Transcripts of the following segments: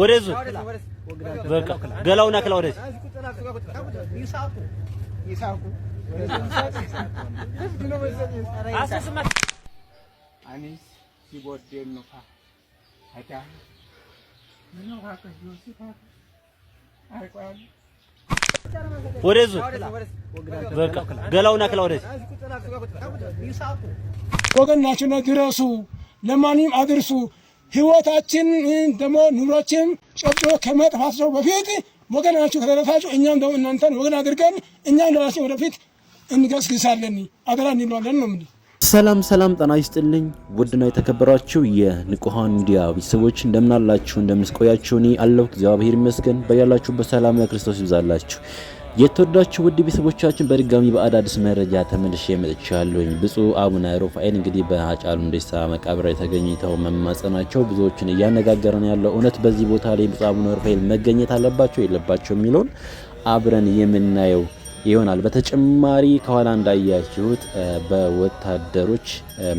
ወደዙ በቃ ገላው ነክላ ወደዚህ ወደዙ በቃ ገላው ነክላ ወደዚህ ወገናችን ድረሱ፣ ለማንም አድርሱ። ህይወታችን ደግሞ ኑሮችን ጨብጦ ከመጥፋት ሰው በፊት ወገናችሁ ከተረፋችሁ እኛም ደግሞ እናንተን ወገን አድርገን እኛም ለራሴ ወደፊት እንገስግሳለን አደራ እንለዋለን ነው የምልህ። ሰላም ሰላም፣ ጤና ይስጥልኝ ውድና የተከበራችሁ የንቁሃን ሚዲያ ቤተሰቦች እንደምናላችሁ እንደምንስቆያችሁ፣ እኔ አለሁ እግዚአብሔር ይመስገን። በያላችሁበት ሰላም ክርስቶስ ይብዛላችሁ። የተወዳችሁ ውድ ቤተሰቦቻችን በድጋሚ በአዳዲስ መረጃ ተመልሼ መጥቻለሁኝ። ብፁዕ አቡነ ሩፋኤል እንግዲህ በሀጫሉ ሁንዴሳ መቃብር የተገኝተው መማጸናቸው ብዙዎችን እያነጋገረ ያለው። እውነት በዚህ ቦታ ላይ ብፁዕ አቡነ ሩፋኤል መገኘት አለባቸው የለባቸው የሚለውን አብረን የምናየው ይሆናል። በተጨማሪ ከኋላ እንዳያችሁት በወታደሮች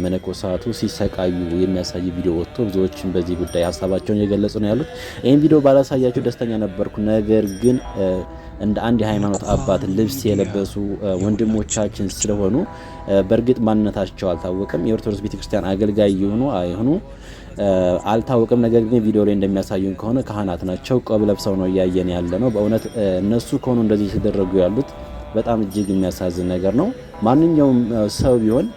መነኮሳቱ ሲሰቃዩ የሚያሳይ ቪዲዮ ወጥቶ ብዙዎችን በዚህ ጉዳይ ሀሳባቸውን እየገለጹ ነው ያሉት። ይህም ቪዲዮ ባላሳያችሁ ደስተኛ ነበርኩ፣ ነገር ግን እንደ አንድ የሃይማኖት አባት ልብስ የለበሱ ወንድሞቻችን ስለሆኑ በእርግጥ ማንነታቸው አልታወቅም። የኦርቶዶክስ ቤተክርስቲያን አገልጋይ የሆኑ አይሁኑ አልታወቅም። ነገር ግን ቪዲዮ ላይ እንደሚያሳዩን ከሆነ ካህናት ናቸው። ቆብ ለብሰው ነው እያየን ያለ ነው። በእውነት እነሱ ከሆኑ እንደዚህ ሲደረጉ ያሉት በጣም እጅግ የሚያሳዝን ነገር ነው። ማንኛውም ሰው ቢሆን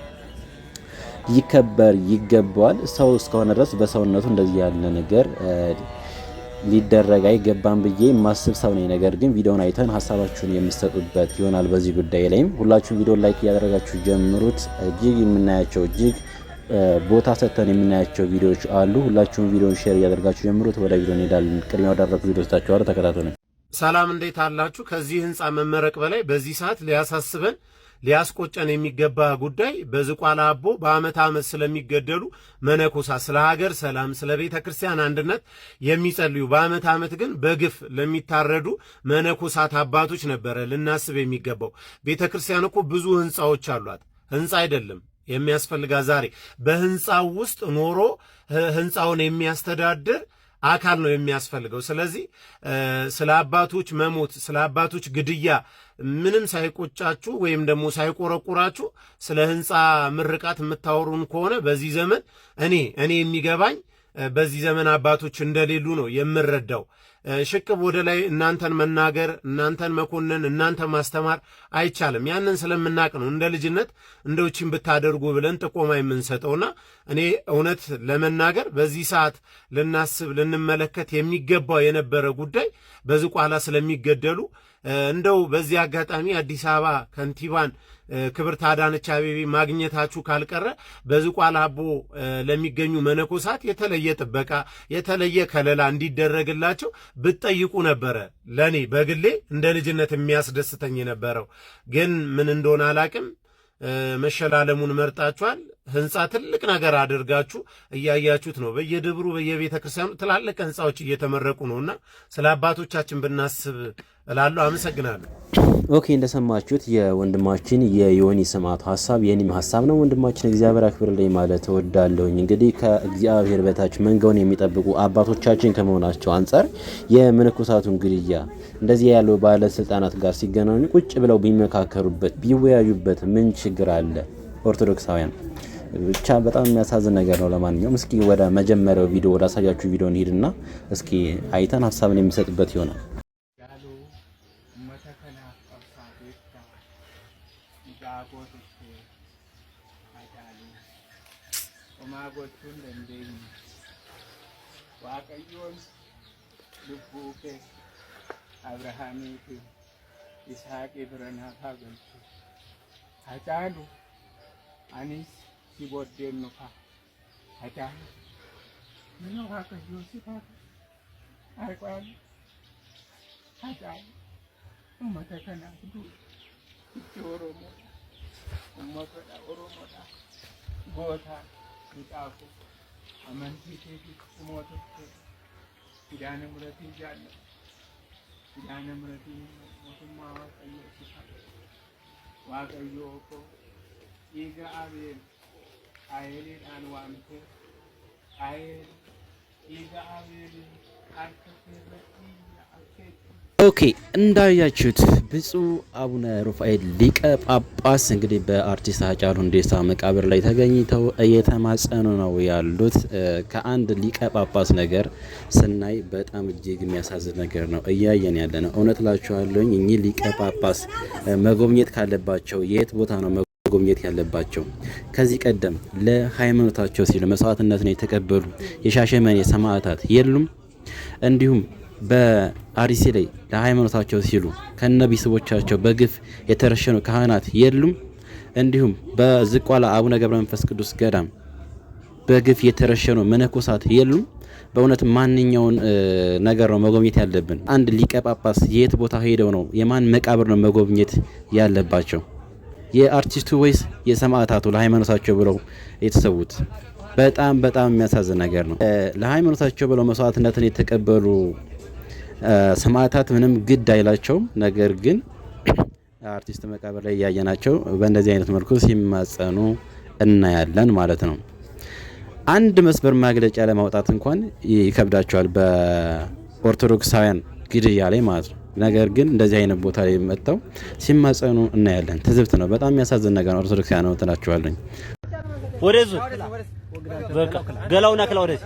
ይከበር ይገባዋል። ሰው እስከሆነ ድረስ በሰውነቱ እንደዚህ ያለ ነገር ሊደረግ አይገባም ብዬ የማስብ ሰው ነኝ። ነገር ግን ቪዲዮን አይተን ሀሳባችሁን የምሰጡበት ይሆናል። በዚህ ጉዳይ ላይም ሁላችሁም ቪዲዮ ላይክ እያደረጋችሁ ጀምሩት። እጅግ የምናያቸው እጅግ ቦታ ሰጥተን የምናያቸው ቪዲዮዎች አሉ። ሁላችሁም ቪዲዮን ሼር እያደረጋችሁ ጀምሩት። ወደ ቪዲዮ እንሄዳለን። ቅድሚያ ወዳረኩ ቪዲዮ ስታችኋለ ተከታተሉ። ሰላም እንዴት አላችሁ? ከዚህ ህንፃ መመረቅ በላይ በዚህ ሰዓት ሊያሳስበን ሊያስቆጨን የሚገባ ጉዳይ በዝቋላ አቦ በአመት ዓመት ስለሚገደሉ መነኮሳት፣ ስለ ሀገር ሰላም፣ ስለ ቤተ ክርስቲያን አንድነት የሚጸልዩ በአመት ዓመት ግን በግፍ ለሚታረዱ መነኮሳት አባቶች ነበረ ልናስብ የሚገባው። ቤተ ክርስቲያን እኮ ብዙ ህንፃዎች አሏት። ህንፃ አይደለም የሚያስፈልጋ ዛሬ በህንፃው ውስጥ ኖሮ ህንፃውን የሚያስተዳድር አካል ነው የሚያስፈልገው። ስለዚህ ስለ አባቶች መሞት፣ ስለ አባቶች ግድያ ምንም ሳይቆጫችሁ ወይም ደግሞ ሳይቆረቁራችሁ ስለ ህንፃ ምርቃት የምታወሩን ከሆነ በዚህ ዘመን እኔ እኔ የሚገባኝ በዚህ ዘመን አባቶች እንደሌሉ ነው የምረዳው። ሽቅብ ወደ ላይ እናንተን መናገር፣ እናንተን መኮንን፣ እናንተ ማስተማር አይቻልም። ያንን ስለምናቅ ነው እንደ ልጅነት ውችን ብታደርጉ ብለን ጥቆማ የምንሰጠውና እኔ እውነት ለመናገር በዚህ ሰዓት ልናስብ ልንመለከት የሚገባው የነበረ ጉዳይ በዝቋላ ስለሚገደሉ እንደው በዚህ አጋጣሚ አዲስ አበባ ከንቲባን ክብርት አዳነች አቤቤ ማግኘታችሁ ካልቀረ በዝቋላ አቦ ለሚገኙ መነኮሳት የተለየ ጥበቃ የተለየ ከለላ እንዲደረግላቸው ብትጠይቁ ነበረ። ለእኔ በግሌ እንደ ልጅነት የሚያስደስተኝ የነበረው ግን ምን እንደሆነ አላቅም። መሸላለሙን መርጣችኋል። ህንፃ ትልቅ ነገር አድርጋችሁ እያያችሁት ነው። በየደብሩ በየቤተ ክርስቲያኑ ትላልቅ ህንፃዎች እየተመረቁ ነውእና ስለ አባቶቻችን ብናስብ እላለሁ። አመሰግናለሁ። ኦኬ፣ እንደሰማችሁት የወንድማችን የዮኒ ስማቱ ሀሳብ የኔም ሀሳብ ነው። ወንድማችን እግዚአብሔር አክብርልኝ ማለት እወዳለሁኝ። እንግዲህ ከእግዚአብሔር በታች መንጋውን የሚጠብቁ አባቶቻችን ከመሆናቸው አንጻር የመነኮሳቱን ግድያ እንደዚህ ያለው ባለስልጣናት ጋር ሲገናኙ ቁጭ ብለው ቢመካከሩበት ቢወያዩበት ምን ችግር አለ? ኦርቶዶክሳውያን ብቻ በጣም የሚያሳዝን ነገር ነው። ለማንኛውም እስኪ ወደ መጀመሪያው ቪዲዮ ወደ አሳያችሁ ቪዲዮ እንሂድና እስኪ አይተን ሀሳብን የሚሰጥበት ይሆናል። ጎቹን dandeenyu. Waaqayyoon lubbuu keessa Abrahaamii fi Yisaaqii bira naaf haa galchu. Haa caalu anis si booddeenu fa'a. Haa caalu mina Waaqayyoo si fa'a. Haa caalu haa caalu uummata kanaaf duudha. Itti Oromoodha. Uummatadha Oromoodha. Gootaadha. ይጣፉ አመንቲ ሴቲት ቁሞትት ኪዳነ ምሕረት ይዣለሁ ኪዳነ ምሕረት ሞትማ ዋቀዮ ሲሳል ዋቀዮ እኮ ኢገአብሔር ቃየሌ ጣን ዋንቴ ቃየል ኢገአብሔር አርከሴ ረኢ ኦኬ እንዳያችሁት ብፁዕ አቡነ ሩፋኤል ሊቀ ጳጳስ እንግዲህ በአርቲስት አጫሉ ሁንዴሳ መቃብር ላይ ተገኝተው እየተማጸኑ ነው ያሉት። ከአንድ ሊቀ ጳጳስ ነገር ስናይ በጣም እጅግ የሚያሳዝን ነገር ነው እያየን ያለ ነው። እውነት ላችኋለኝ እኚህ ሊቀ ጳጳስ መጎብኘት ካለባቸው የት ቦታ ነው መጎብኘት ያለባቸው? ከዚህ ቀደም ለሃይማኖታቸው ሲሉ ነው የተቀበሉ የሻሸመኔ ሰማዕታት የሉም? እንዲሁም በአርሲ ላይ ለሃይማኖታቸው ሲሉ ከነ ቤተሰቦቻቸው በግፍ የተረሸኑ ካህናት የሉም? እንዲሁም በዝቋላ አቡነ ገብረ መንፈስ ቅዱስ ገዳም በግፍ የተረሸኑ መነኮሳት የሉም? በእውነት ማንኛውን ነገር ነው መጎብኘት ያለብን? አንድ ሊቀ ጳጳስ የት ቦታ ሄደው ነው የማን መቃብር ነው መጎብኘት ያለባቸው? የአርቲስቱ ወይስ የሰማዕታቱ ለሃይማኖታቸው ብለው የተሰዉት? በጣም በጣም የሚያሳዝን ነገር ነው። ለሃይማኖታቸው ብለው መስዋዕትነትን የተቀበሉ ሰማዕታት ምንም ግድ አይላቸውም። ነገር ግን አርቲስት መቃብር ላይ እያየናቸው በእንደዚህ አይነት መልኩ ሲማጸኑ እናያለን ማለት ነው። አንድ መስመር ማግለጫ ለማውጣት እንኳን ይከብዳቸዋል በኦርቶዶክሳውያን ግድያ ላይ ማለት ነው። ነገር ግን እንደዚህ አይነት ቦታ ላይ መጥተው ሲማጸኑ እናያለን። ትዝብት ነው። በጣም የሚያሳዝን ነገር ነው። ኦርቶዶክሳውያን ነው ትላችኋለኝ። ወደዙ ገላውና ክላ ወደዚህ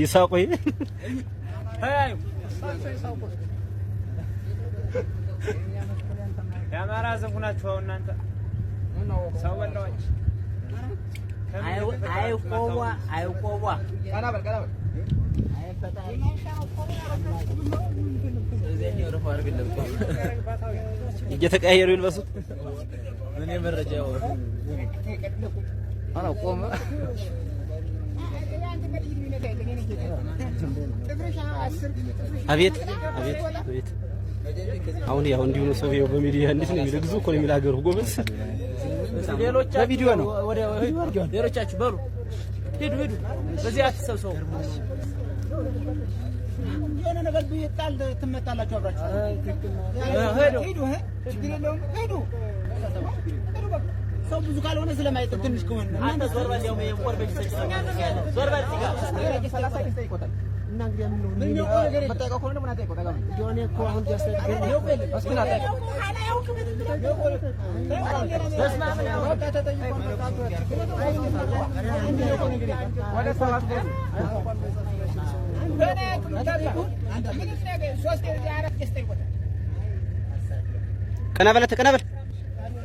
ይሳቁ የአማራ ሕዝብ ሁናችሁ እናንተ ሰው በላዎች አይቆቧ አይቆቧ እየተቀያየሩ ይልበሱት እኔ መረጃ አላ ቆመ አቤት አቤት አቤት። አሁን ያው እንዲሁ ነው። በሚዲያ እንዴት ነው እኮ ነው የሚል ሀገሩ ጎበዝ። ነው ሌሎቻችሁ በሉ በዚህ አትሰብሰቡ። የሆነ ነገር አብራችሁ ሰው ብዙ ካልሆነ ስለማይጠ ትንሽ ከሆነ ዞር በል ያው የቆር ዞር በል ቀና በለት ቀና በል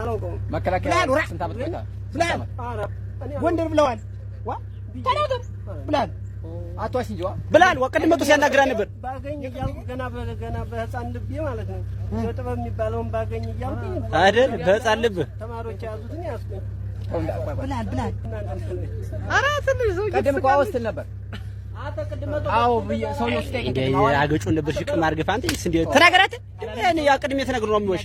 አላውቀውም። መከላከያ ስንት ዓመት መጣ? ጎንደር ብለዋል። ተናገር እንጂ ቅድም ሲያናግራ ነበር። ባገኝ እያልኩ ገና በገና በህፃን ልቤ ማለት ነው ጥበብ የሚባለውን ባገኝ እያልኩ አይደል በህፃን ልብ ተማሪዎች የያዙትን ያስኩኝ ብላል ብላል። ኧረ ትንሽ ሰው ቅድም እኮ አወስትል ነበር። አዎ አገጩን ነበር ሽቅም አድርገህ ፋንቴ ተናገራት። ያው ቅድሜ ተነግሮ ነው የሚወሽ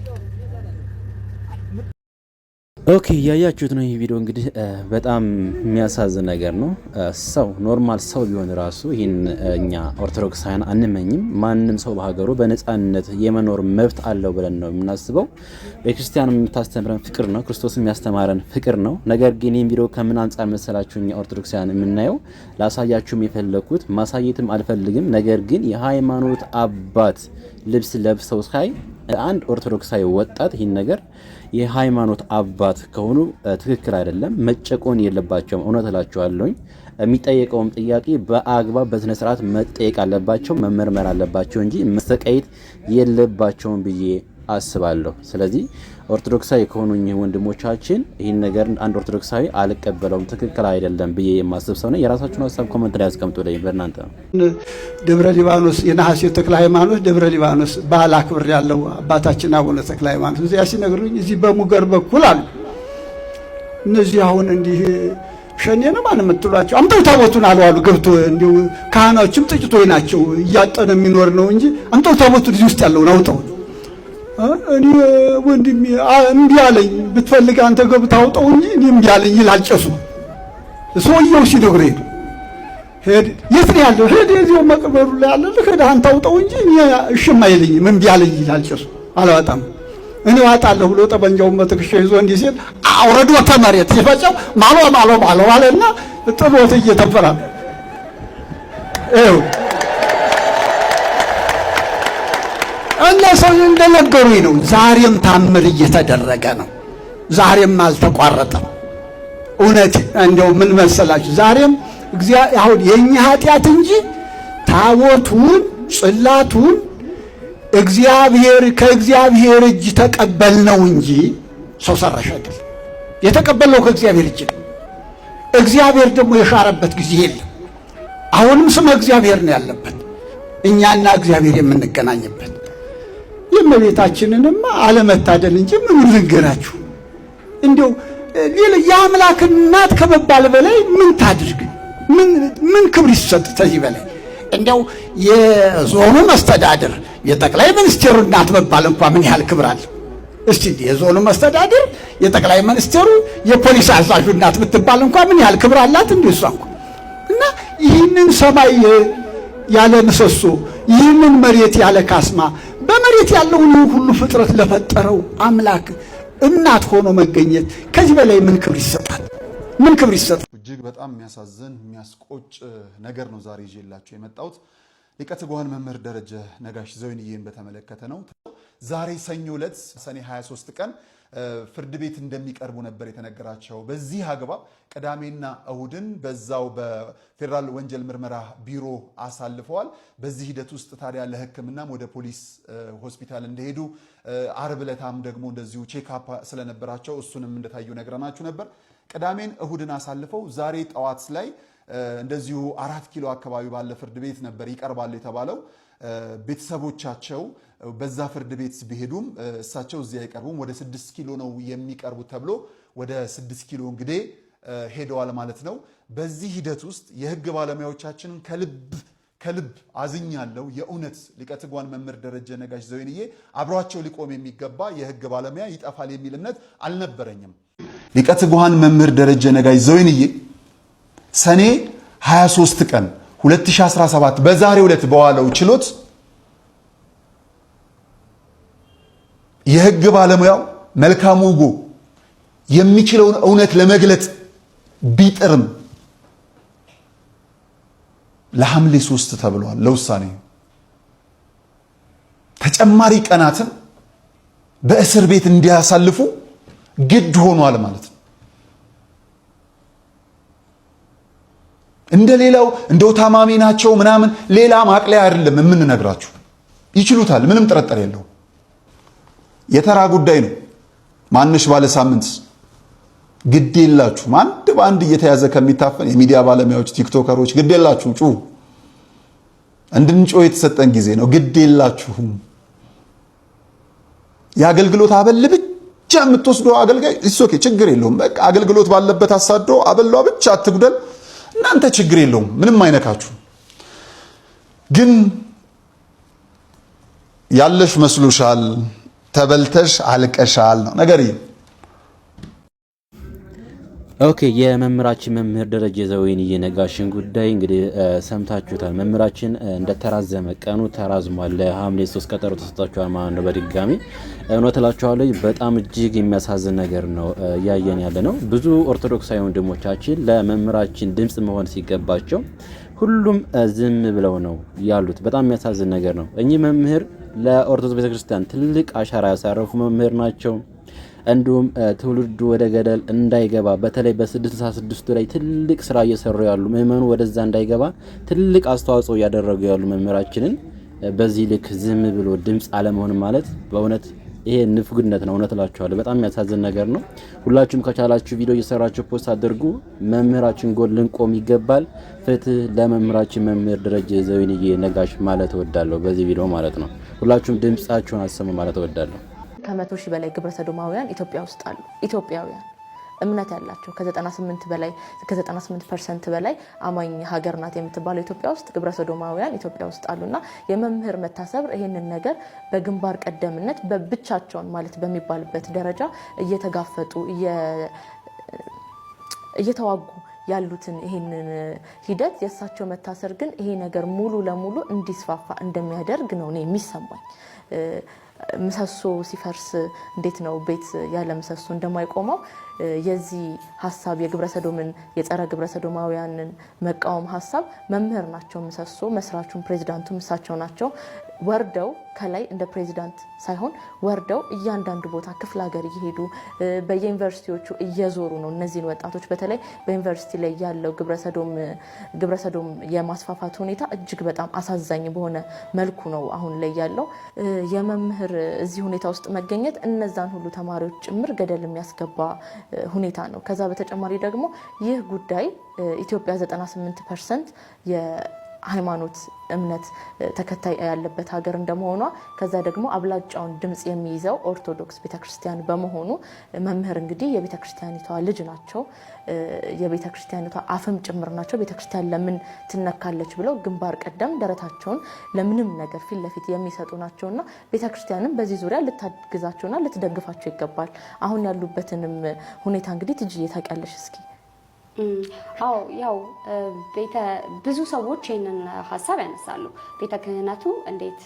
ኦኬ እያያችሁት ነው። ይህ ቪዲዮ እንግዲህ በጣም የሚያሳዝን ነገር ነው። ሰው ኖርማል ሰው ቢሆን ራሱ ይህን እኛ ኦርቶዶክሳውያን አንመኝም። ማንም ሰው በሀገሩ በነፃነት የመኖር መብት አለው ብለን ነው የምናስበው። ቤተክርስቲያን የምታስተምረን ፍቅር ነው፣ ክርስቶስ የሚያስተማረን ፍቅር ነው። ነገር ግን ይህን ቪዲዮ ከምን አንጻር መሰላችሁ እኛ ኦርቶዶክሳውያን የምናየው? ላሳያችሁም የፈለግኩት ማሳየትም አልፈልግም። ነገር ግን የሃይማኖት አባት ልብስ ለብሰው ሳይ አንድ ኦርቶዶክሳዊ ወጣት ይህን ነገር የሃይማኖት አባት ከሆኑ ትክክል አይደለም፣ መጨቆን የለባቸውም። እውነት እላችኋለሁኝ። የሚጠየቀውም ጥያቄ በአግባብ በስነ ስርዓት መጠየቅ አለባቸው፣ መመርመር አለባቸው እንጂ መሰቀይት የለባቸውም ብዬ አስባለሁ። ስለዚህ ኦርቶዶክሳዊ ከሆኑኝ ወንድሞቻችን ይህን ነገር አንድ ኦርቶዶክሳዊ አልቀበለውም፣ ትክክል አይደለም ብዬ የማስብ ሰው ነኝ። የራሳችሁን ሀሳብ ኮመንት ላይ ያስቀምጡ። ላይ በእናንተ ነው። ደብረ ሊባኖስ የነሐሴ ተክለ ሃይማኖት ደብረ ሊባኖስ በዓል አክብር ያለው አባታችን አቡነ ተክለ ሃይማኖት እዚያ ሲነግሩኝ እዚህ በሙገር በኩል አሉ እነዚህ አሁን እንዲህ ሸኔ ነው ማን የምትሏቸው? አምጠው ታቦቱን አሉ አሉ ገብቶ እንዲሁ ካህናዎችም ጥቂቶች ናቸው። እያጠነ የሚኖር ነው እንጂ አምጠው ታቦቱን እዚህ ውስጥ ያለውን አውጠው እኔ ወንድሜ እምቢ አለኝ፣ ብትፈልግ አንተ ገብተህ አውጣው እንጂ እኔ እምቢ አለኝ ይላል ጭሱ። ሰውየው ሲነግር ሄዱ ሄድ የት ነው ያለው? ሄድ የዚያው መቅበሩ ላይ አለ። ልክ አንተ አውጣው እንጂ እኔ እሽም አይለኝም እምቢ አለኝ ይላል ጭሱ። አላወጣም እኔ ዋጣለሁ ብሎ ጠበንጃውን በትከሻው ይዞ እንዲህ ሲል አውረዶ ተመሬት ሲፈጨው ማሎ ማሎ ማሎ አለና ጥሎት እየተፈራ ነው ይኸው ሰው እንደነገሩኝ ነው። ዛሬም ታምር እየተደረገ ነው። ዛሬም አልተቋረጠም። እውነት እንደው ምን መሰላችሁ? ዛሬም እግዚአብሔር አሁን የእኛ ኃጢአት እንጂ ታቦቱን ጽላቱን እግዚአብሔር ከእግዚአብሔር እጅ ተቀበል ነው እንጂ ሰው ሰራሽ አይደል። የተቀበልነው ከእግዚአብሔር እጅ ነው። እግዚአብሔር ደግሞ የሻረበት ጊዜ የለም። አሁንም ስመ እግዚአብሔር ነው ያለበት እኛና እግዚአብሔር የምንገናኝበት የእመቤታችንንማ አለመታደል እንጂ ምን ልንገራችሁ። እንዲያው የአምላክ እናት ከመባል በላይ ምን ታድርግ? ምን ክብር ይሰጥ ከዚህ በላይ? እንዲያው የዞኑ መስተዳድር የጠቅላይ ሚኒስቴሩ እናት መባል እንኳ ምን ያህል ክብር አለ? እስቲ የዞኑ መስተዳድር የጠቅላይ ሚኒስቴሩ የፖሊስ አዛዡ እናት ብትባል እንኳ ምን ያህል ክብር አላት? እንዲህ እሷ እንኳ እና ይህንን ሰማይ ያለ ምሰሶ፣ ይህንን መሬት ያለ ካስማ መሬት ያለውን ሁሉ ፍጥረት ለፈጠረው አምላክ እናት ሆኖ መገኘት ከዚህ በላይ ምን ክብር ይሰጣል? ምን ክብር ይሰጣል? እጅግ በጣም የሚያሳዝን የሚያስቆጭ ነገር ነው ዛሬ ይዤላችሁ የመጣሁት ሊቀ ትጉሃን መምህር ደረጀ ነጋሽ ዘወይንዬን በተመለከተ ነው። ዛሬ ሰኞ ዕለት ሰኔ 23 ቀን ፍርድ ቤት እንደሚቀርቡ ነበር የተነገራቸው። በዚህ አግባብ ቅዳሜና እሁድን በዛው በፌዴራል ወንጀል ምርመራ ቢሮ አሳልፈዋል። በዚህ ሂደት ውስጥ ታዲያ ለሕክምናም ወደ ፖሊስ ሆስፒታል እንደሄዱ፣ አርብ ዕለታም ደግሞ እንደዚሁ ቼክአፕ ስለነበራቸው እሱንም እንደታዩ ነግረናችሁ ነበር። ቅዳሜን እሁድን አሳልፈው ዛሬ ጠዋት ላይ እንደዚሁ አራት ኪሎ አካባቢ ባለ ፍርድ ቤት ነበር ይቀርባሉ የተባለው ቤተሰቦቻቸው በዛ ፍርድ ቤት ቢሄዱም እሳቸው እዚህ አይቀርቡም። ወደ ስድስት ኪሎ ነው የሚቀርቡት ተብሎ ወደ ስድስት ኪሎ እንግዲህ ሄደዋል ማለት ነው። በዚህ ሂደት ውስጥ የህግ ባለሙያዎቻችንን ከልብ ከልብ አዝኛለሁ። የእውነት ሊቀትጓን መምህር ደረጀ ነጋሽ ዘወይንዬ አብሯቸው ሊቆም የሚገባ የህግ ባለሙያ ይጠፋል የሚል እምነት አልነበረኝም። ሊቀትጓን መምህር ደረጀ ነጋሽ ዘወይንዬ ሰኔ 23 ቀን 2017 በዛሬ ዕለት በዋለው ችሎት የህግ ባለሙያው መልካም ውጎ የሚችለውን እውነት ለመግለጥ ቢጥርም ለሐምሌ ሶስት ተብሏል። ለውሳኔ ተጨማሪ ቀናትን በእስር ቤት እንዲያሳልፉ ግድ ሆኗል ማለት ነው። እንደ ሌላው እንደው ታማሚ ናቸው ምናምን ሌላ ማቅለያ አይደለም የምንነግራችሁ። ይችሉታል፣ ምንም ጥርጥር የለውም። የተራ ጉዳይ ነው። ማንሽ ባለ ሳምንት ግድ የላችሁም። አንድ በአንድ እየተያዘ ከሚታፈን የሚዲያ ባለሙያዎች፣ ቲክቶከሮች ግድ የላችሁም። ጩሁ፣ እንድንጮህ የተሰጠን ጊዜ ነው። ግድ የላችሁም። የአገልግሎት አበል ብቻ የምትወስዶ አገልጋይ ኦኬ፣ ችግር የለውም። በቃ አገልግሎት ባለበት አሳዶ አበሏ ብቻ አትጉደል። እናንተ ችግር የለውም፣ ምንም አይነካችሁ። ግን ያለሽ መስሎሻል ተበልተሽ አልቀሻል ነው ነገር ኦኬ የመምህራችን መምህር ደረጀ ዘወይን ነጋሽን ጉዳይ እንግዲህ ሰምታችሁታል። መምህራችን እንደተራዘመ ቀኑ ተራዝሟል። ለሐምሌ ሶስት ቀጠሮ ተሰጥቷቸዋል ማለት ነው። በድጋሚ እውነት እላችኋለሁ በጣም እጅግ የሚያሳዝን ነገር ነው እያየን ያለ ነው። ብዙ ኦርቶዶክሳዊ ወንድሞቻችን ለመምህራችን ድምፅ መሆን ሲገባቸው ሁሉም ዝም ብለው ነው ያሉት። በጣም የሚያሳዝን ነገር ነው። እኚህ መምህር ለኦርቶዶክስ ቤተክርስቲያን ትልቅ አሻራ ያሳረፉ መምህር ናቸው። እንዲሁም ትውልዱ ወደ ገደል እንዳይገባ በተለይ በ666ቱ ላይ ትልቅ ስራ እየሰሩ ያሉ ምእመኑ ወደዛ እንዳይገባ ትልቅ አስተዋጽኦ እያደረጉ ያሉ መምህራችንን በዚህ ልክ ዝም ብሎ ድምፅ አለመሆን ማለት በእውነት ይሄ ንፍግነት ነው። እውነት እላችኋለሁ፣ በጣም የሚያሳዝን ነገር ነው። ሁላችሁም ከቻላችሁ ቪዲዮ እየሰራችሁ ፖስት አድርጉ። መምህራችን ጎን ልንቆም ይገባል። ፍትህ ለመምህራችን መምህር ደረጀ ዘወይንዬ ነጋሽ ማለት እወዳለሁ በዚህ ቪዲዮ ማለት ነው። ሁላችሁም ድምጻችሁን አሰሙ ማለት እወዳለሁ። ከመቶ ሺህ በላይ ግብረ ሰዶማውያን ኢትዮጵያ ውስጥ አሉ። ኢትዮጵያውያን እምነት ያላቸው ከ98 በላይ ከ98 ፐርሰንት በላይ አማኝ ሀገር ናት የምትባለው ኢትዮጵያ ውስጥ ግብረ ሰዶማውያን ኢትዮጵያ ውስጥ አሉና የመምህር መታሰብ ይህንን ነገር በግንባር ቀደምነት በብቻቸውን ማለት በሚባልበት ደረጃ እየተጋፈጡ እየተዋጉ ያሉትን ይህንን ሂደት የእሳቸው መታሰር ግን ይሄ ነገር ሙሉ ለሙሉ እንዲስፋፋ እንደሚያደርግ ነው እኔ የሚሰማኝ። ምሰሶ ሲፈርስ እንዴት ነው ቤት ያለ ምሰሶ እንደማይቆመው የዚህ ሀሳብ የግብረሰዶምን የጸረ ግብረሰዶማውያንን መቃወም ሀሳብ መምህር ናቸው ምሰሶ መስራቹን ፕሬዚዳንቱም እሳቸው ናቸው። ወርደው ከላይ እንደ ፕሬዚዳንት ሳይሆን ወርደው እያንዳንዱ ቦታ ክፍለ ሀገር እየሄዱ በየዩኒቨርሲቲዎቹ እየዞሩ ነው እነዚህን ወጣቶች በተለይ በዩኒቨርሲቲ ላይ ያለው ግብረሰዶም የማስፋፋት ሁኔታ እጅግ በጣም አሳዛኝ በሆነ መልኩ ነው አሁን ላይ ያለው። የመምህር እዚህ ሁኔታ ውስጥ መገኘት እነዛን ሁሉ ተማሪዎች ጭምር ገደል የሚያስገባ ሁኔታ ነው። ከዛ በተጨማሪ ደግሞ ይህ ጉዳይ ኢትዮጵያ 98 ፐርሰንት ሃይማኖት እምነት ተከታይ ያለበት ሀገር እንደመሆኗ ከዛ ደግሞ አብላጫውን ድምፅ የሚይዘው ኦርቶዶክስ ቤተክርስቲያን በመሆኑ መምህር እንግዲህ የቤተክርስቲያኒቷ ልጅ ናቸው፣ የቤተክርስቲያኒቷ አፍም ጭምር ናቸው። ቤተክርስቲያን ለምን ትነካለች ብለው ግንባር ቀደም ደረታቸውን ለምንም ነገር ፊት ለፊት የሚሰጡ ናቸውእና ቤተክርስቲያንም በዚህ ዙሪያ ልታግዛቸውና ልትደግፋቸው ይገባል። አሁን ያሉበትንም ሁኔታ እንግዲህ ትጅ ታውቂያለሽ እስኪ አዎ ያው ብዙ ሰዎች ይህንን ሀሳብ ያነሳሉ። ቤተ ክህነቱ እንዴት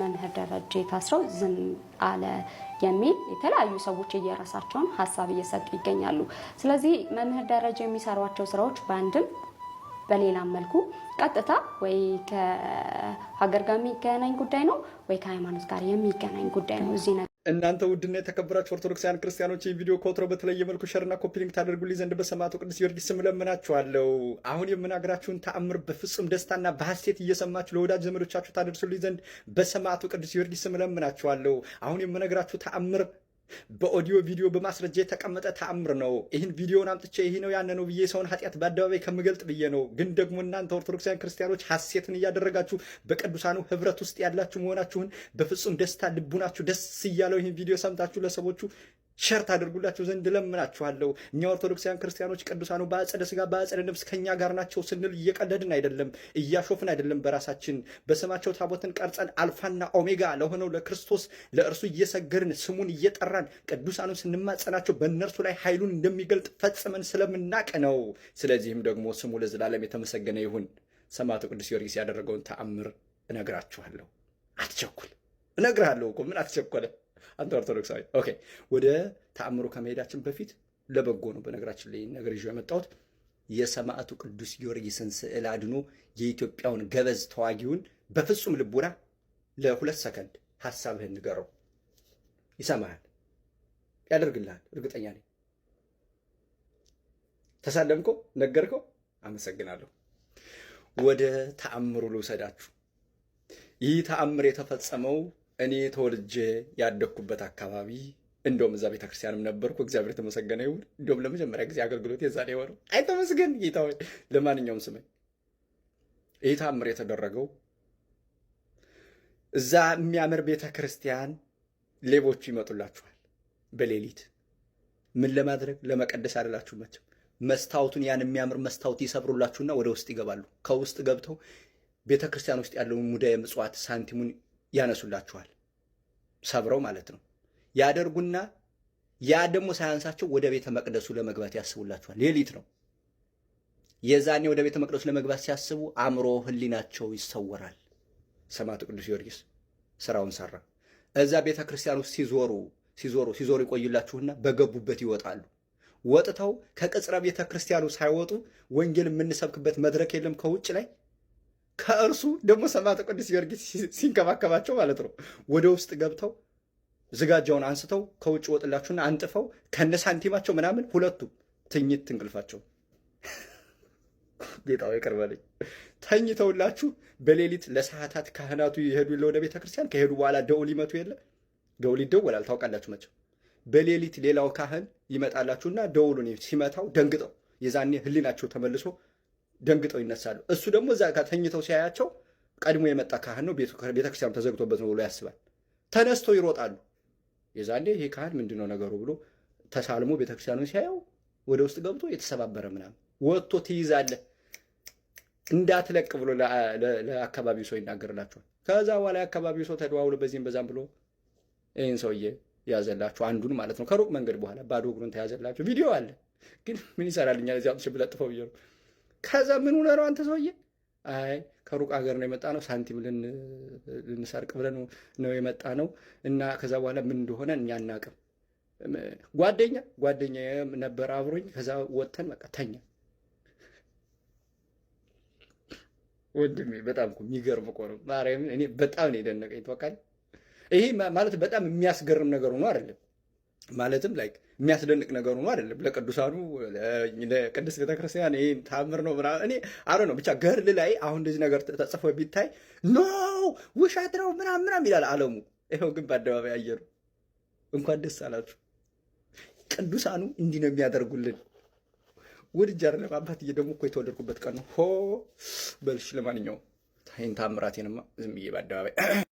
መምህር ደረጀ ታስረው ዝም አለ የሚል የተለያዩ ሰዎች የየራሳቸውን ሀሳብ እየሰጡ ይገኛሉ። ስለዚህ መምህር ደረጀ የሚሰሯቸው ስራዎች በአንድም በሌላም መልኩ ቀጥታ ወይ ከሀገር ጋር የሚገናኝ ጉዳይ ነው ወይ ከሃይማኖት ጋር የሚገናኝ ጉዳይ ነው እዚህ እናንተ ውድና የተከበራችሁ ኦርቶዶክሳውያን ክርስቲያኖች የቪዲዮ ከወትሮ በተለየ መልኩ ሸርና ኮፒሊንግ ታደርጉልኝ ዘንድ በሰማዕቱ ቅዱስ ጊዮርጊስ ስም እለምናችኋለሁ። አሁን የምናገራችሁን ተአምር በፍጹም ደስታና በሐሴት እየሰማችሁ ለወዳጅ ዘመዶቻችሁ ታደርሱልኝ ዘንድ በሰማዕቱ ቅዱስ ጊዮርጊስ ስም አሁን የምነግራችሁ ተአምር በኦዲዮ ቪዲዮ በማስረጃ የተቀመጠ ተአምር ነው። ይህን ቪዲዮን አምጥቼ ይህ ነው ያነ ነው ብዬ ሰውን ኃጢአት በአደባባይ ከምገልጥ ብዬ ነው። ግን ደግሞ እናንተ ኦርቶዶክሳውያን ክርስቲያኖች ሐሴትን እያደረጋችሁ በቅዱሳኑ ህብረት ውስጥ ያላችሁ መሆናችሁን በፍጹም ደስታ ልቡናችሁ ደስ እያለው ይህን ቪዲዮ ሰምታችሁ ለሰዎቹ ሸር ታደርጉላቸው ዘንድ ለምናችኋለሁ። እኛ ኦርቶዶክሳውያን ክርስቲያኖች ቅዱሳኑ በአጸደ ስጋ በአጸደ ነፍስ ከኛ ጋር ናቸው ስንል እየቀለድን አይደለም፣ እያሾፍን አይደለም። በራሳችን በስማቸው ታቦትን ቀርጸን አልፋና ኦሜጋ ለሆነው ለክርስቶስ ለእርሱ እየሰገድን ስሙን እየጠራን ቅዱሳኑ ስንማጸናቸው በእነርሱ ላይ ኃይሉን እንደሚገልጥ ፈጽመን ስለምናቅ ነው። ስለዚህም ደግሞ ስሙ ለዘላለም የተመሰገነ ይሁን። ሰማዕቱ ቅዱስ ጊዮርጊስ ያደረገውን ተአምር እነግራችኋለሁ። አትቸኩል። እነግርሃለሁ እኮ ምን አትቸኮለ? አንተ ኦርቶዶክሳዊ። ኦኬ፣ ወደ ተአምሮ ከመሄዳችን በፊት ለበጎ ነው። በነገራችን ላይ ነገር ይዤ የመጣሁት የሰማዕቱ ቅዱስ ጊዮርጊስን ስዕል አድኖ የኢትዮጵያውን ገበዝ ተዋጊውን በፍጹም ልቡና ለሁለት ሰከንድ ሀሳብህን ንገረው። ይሰማሃል፣ ያደርግልሃል። እርግጠኛ ነኝ። ተሳለምከው፣ ነገርከው። አመሰግናለሁ። ወደ ተአምሩ ልውሰዳችሁ። ይህ ተአምር የተፈጸመው እኔ ተወልጄ ያደግኩበት አካባቢ እንደውም እዛ ቤተክርስቲያንም ነበርኩ። እግዚአብሔር የተመሰገነ ይሁን። እንደውም ለመጀመሪያ ጊዜ አገልግሎት የዛሬ ወር አይተመስገን ጌታ ለማንኛውም ስመኝ ይህ ታምር የተደረገው እዛ የሚያምር ቤተ ክርስቲያን ሌቦቹ ይመጡላችኋል በሌሊት ምን ለማድረግ ለመቀደስ አይደላችሁ መቼም መስታወቱን ያን የሚያምር መስታወት ይሰብሩላችሁና ወደ ውስጥ ይገባሉ። ከውስጥ ገብተው ቤተ ክርስቲያን ውስጥ ያለውን ሙዳየ ምጽዋት ሳንቲሙን ያነሱላችኋል። ሰብረው ማለት ነው ያደርጉና ያ ደግሞ ሳያንሳቸው ወደ ቤተ መቅደሱ ለመግባት ያስቡላችኋል። ሌሊት ነው። የዛኔ ወደ ቤተ መቅደሱ ለመግባት ሲያስቡ አእምሮ፣ ህሊናቸው ይሰወራል። ሰማዕቱ ቅዱስ ጊዮርጊስ ስራውን ሰራ። እዛ ቤተ ክርስቲያን ውስጥ ሲዞሩ ሲዞሩ ሲዞሩ ይቆዩላችሁና በገቡበት ይወጣሉ። ወጥተው ከቅጽረ ቤተ ክርስቲያኑ ሳይወጡ ወንጌል የምንሰብክበት መድረክ የለም ከውጭ ላይ ከእርሱ ደግሞ ሰማዕተ ቅዱስ ጊዮርጊስ ሲንከባከባቸው ማለት ነው ወደ ውስጥ ገብተው ዝጋጃውን አንስተው ከውጭ ወጥላችሁና አንጥፈው ከነ ሳንቲማቸው ምናምን ሁለቱ ትኝት ትንቅልፋቸው ጌጣ ይቅር በለኝ ተኝተውላችሁ በሌሊት ለሰዓታት ካህናቱ ይሄዱ የለ ወደ ቤተክርስቲያን ከሄዱ በኋላ ደውል ይመቱ የለ ደውል ይደወላል ታውቃላችሁ መቸው በሌሊት ሌላው ካህን ይመጣላችሁና ደውሉን ሲመታው ደንግጠው የዛኔ ህሊናቸው ተመልሶ ደንግጠው ይነሳሉ። እሱ ደግሞ እዛ ጋር ተኝተው ሲያያቸው ቀድሞ የመጣ ካህን ነው፣ ቤተክርስቲያኑ ተዘግቶበት ነው ብሎ ያስባል። ተነስተው ይሮጣሉ። የዛኔ ይህ ካህን ምንድነው ነገሩ ብሎ ተሳልሞ ቤተክርስቲያኑን ሲያየው ወደ ውስጥ ገብቶ የተሰባበረ ምናምን ወጥቶ ትይዛለህ እንዳትለቅ ብሎ ለአካባቢው ሰው ይናገርላቸዋል። ከዛ በኋላ የአካባቢው ሰው ተደዋውሎ በዚህም በዛም ብሎ ይህን ሰውዬ ያዘላቸው አንዱን ማለት ነው። ከሩቅ መንገድ በኋላ ባዶ እግሩን ተያዘላችሁ። ቪዲዮ አለ ግን ምን ይሰራልኛል? እዚያ ብለጥፈው ብዬ ነው ከዛ ምን ሆነህ ነው አንተ ሰውዬ? አይ ከሩቅ ሀገር ነው የመጣ ነው፣ ሳንቲም ልንሰርቅ ብለን ነው የመጣ ነው እና ከዛ በኋላ ምን እንደሆነ እኛ አናውቅም። ጓደኛ ጓደኛ ነበረ አብሮኝ፣ ከዛ ወጥተን በቃ ተኛ። ወንድሜ በጣም የሚገርም እኮ ነው ማርያም፣ እኔ በጣም ነው የደነቀኝ። ይህ ማለት በጣም የሚያስገርም ነገር ሆኖ አይደለም ማለትም ላይክ የሚያስደንቅ ነገር ሆኖ አይደለም። ለቅዱሳኑ ለቅድስት ቤተክርስቲያን ይህ ታምር ነው ምናምን እኔ አረ ነው ብቻ ገርል ላይ አሁን እንደዚህ ነገር ተጽፎ ቢታይ ኖ ውሸት ነው ምናምን ምናምን ይላል አለሙ ይኸው ግን በአደባባይ አየሩ። እንኳን ደስ አላችሁ ቅዱሳኑ። እንዲህ ነው የሚያደርጉልን። ወድጄ አይደለም አባትዬ፣ ደግሞ እኮ የተወለድኩበት ቀን ነው። ሆ በልሽ። ለማንኛውም ይህን ታምራቴንማ ዝም ብዬ በአደባባይ